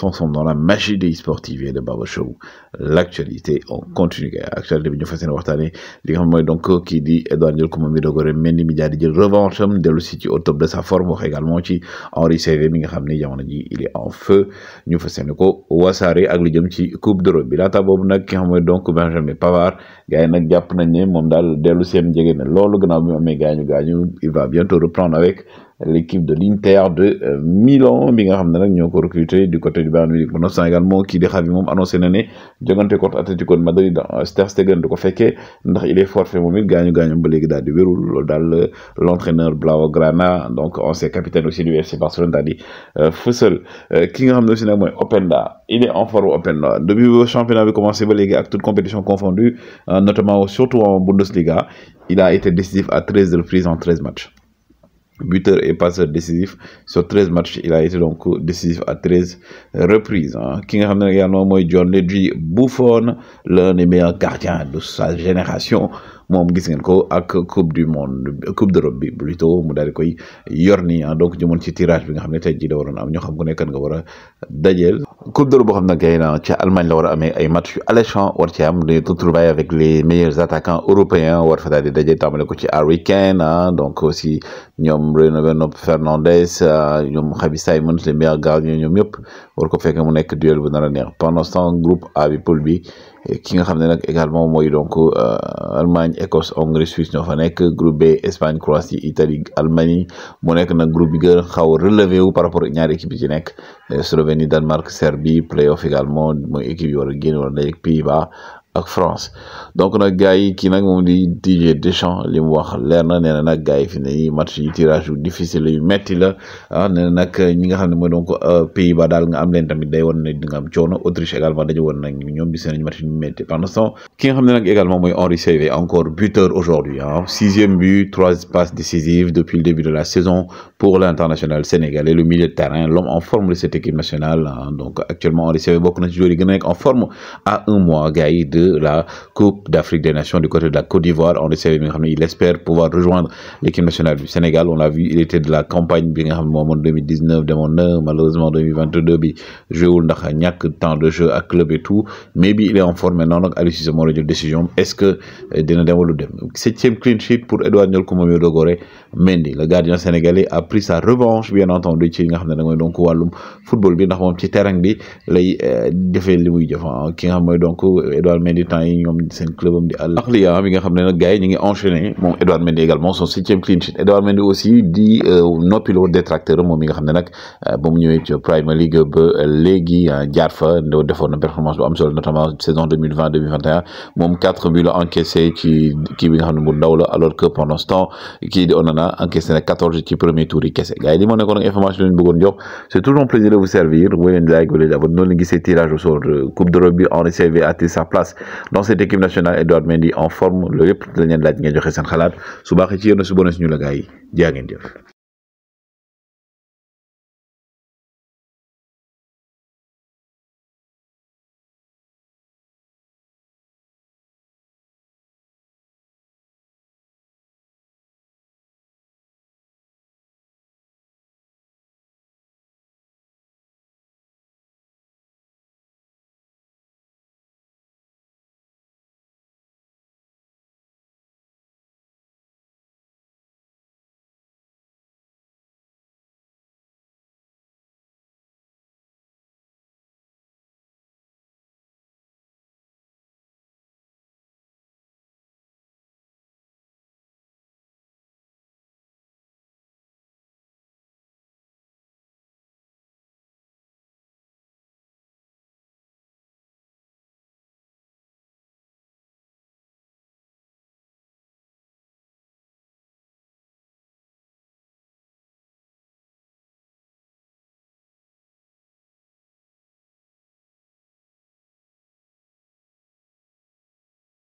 se ensemble dans la magie des sportifs et de Baba Show l'actualité on continue actualité bi ñu fas yéene waxtaanee li nga xam donc qui dit Edouard Ndiol Koumba Mbidogore Mendy mi daal di jël revanche am dellu ci au top de sa forme wax également ci Henri Saivet mi nga xam jamono ji il est en feu ñu fas yéene ko wasaare ak lu jëm ci coupe d'Europe bi laata boobu nag ki nga xam mooy donc Benjamin Pavard gars yi nag jàpp nañ ne moom daal dellu seen jege na loolu gannaaw bi mu il va bientôt reprendre avec l'équipe de l'Inter de euh, Milan bi nga xamné nak recruté du côté du Bayern Munich bu également qui qu'il kii di annoncé na né jogante contre Atletico de Madrid euh, Ter Stegen du ko ndax il est fort, moom it gañu gaañam ba légui dal di wérul lool dal euh, l'entraîneur Blaugrana donc ancien capitaine aussi du FC Barcelone daal di fësal ki nga xamné aussi il est en forme Openda depuis le championnat bi commencé ba légui ak toute compétition confondue notamment surtout en Bundesliga il a été décisif à 13 reprises en 13 matchs buteur et passeur décisif sur 13 matchs il a été donc décisif à 13 reprises qui hein. nga xam ne nag yaa noo John Lydie Buffon l'un des meilleurs gardiens de sa génération moom gis ngeen ko ak coupe du monde coupe d'Europe plutôt mu daal di Yorni hein. donc jëmoon ci tirage bi nga a ne tey jii da waroon am ñoo xam ku nga coupe d'Europe boo xam ne Allemagne la war a ay match à alléchant war ci am tout trouvaille avec les meilleurs attaquants européens war fa daal di dajeel tàmbale ko ci à week hein. donc aussi ñoom Reynaldo Fernandez euh, ñoom Xabi Simons les meilleurs gardiens ñoom ñëpp war ko fekk mu nekk duel bu nar a neex pendant ce temps groupe A bi poule bi ki nga xam ne nag également mooy donc euh, Allemagne Écosse Hongrie Suisse ñoo fa nekk groupe B Espagne Croatie Italie Allemagne mu nekk nag groupe bi gën a xaw relevé wu par rapport ak ñaar équipe bi ci nekk euh, Slovénie Danemark Serbie playoff également mooy équipe yi war a génn wala Pays-Bas ak France donc nak gars yi kii nag moom di Didier Deschamps li wax leer na nee na fi né match yi tirage difficile yu metti la ah, néna nak ñi nga xamné donc euh, pays ba dal nga am leen tamit day won né nga am coono Autriche également dañu won nak ñom bi nañu match yu metti pendant son ki nga xamné nak également moy Henri Saivet encore buteur aujourd'hui hein. sixième but trois passes décisives depuis le début de la saison pour l'international sénégalais le milieu de terrain l'homme en forme de cette équipe nationale hein. donc actuellement Henri Saivet bokk na ci joueurs yi gën a en forme à un mois gars yi la Coupe d'Afrique des Nations du côté de la Côte d'Ivoire. On le sait, il espère pouvoir rejoindre l'équipe nationale du Sénégal. On l'a vu, il était de la campagne en 2019, malheureusement 2022, il n'y a que temps de jeux à club et tout. Mais il est en forme maintenant, donc allez, c'est de décision. Est-ce que 7 euh, Septième clean sheet pour Edouard Nyolkoumomio Dogore Mendy, le gardien sénégalais, a pris sa revanche, bien entendu, ci donc football bi ndax terrain bi lay euh, fait Mendy temps ñom ñoom seen club am di àll Akhliya bi nga xamné nak gaay ñi ngi enchaîné mom Edouard Mendy également son 7e clean sheet Edouard Mendy aussi di euh, lo détracteur mom mi nga xamné nak euh, ba mu ñëwé ci Premier League ba légui euh, jaar fa do defoon na performance bu am solo notamment saison 2020 2021 mom 4 buts la encaissé ci ki bi nga xamné mu ndaw la alors que pendant ce temps kii di Onana encaissé 14 ci premier tour yi kese gaay li mo nekkoon nag information yi ñu bëggoon jox c'est toujours un plaisir de vous servir Vous leen like bu leen di abonné noonu la tirage au sort coupe d'Europe bi en CV à sa place dans cette équipe nationale Edouard Mendy en forme loolu yëpp dañ leen laaj ngeen joxe seen xalaat su baaxee ci yéen a su bonee suñu la yi jaa ngeen jëf.